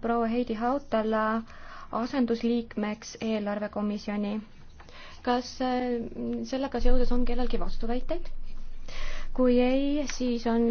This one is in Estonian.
proua Heidi Hautala asendusliikmeks eelarvekomisjoni. kas äh, sellega seoses on kellelgi vastuväiteid? kui ei, siis on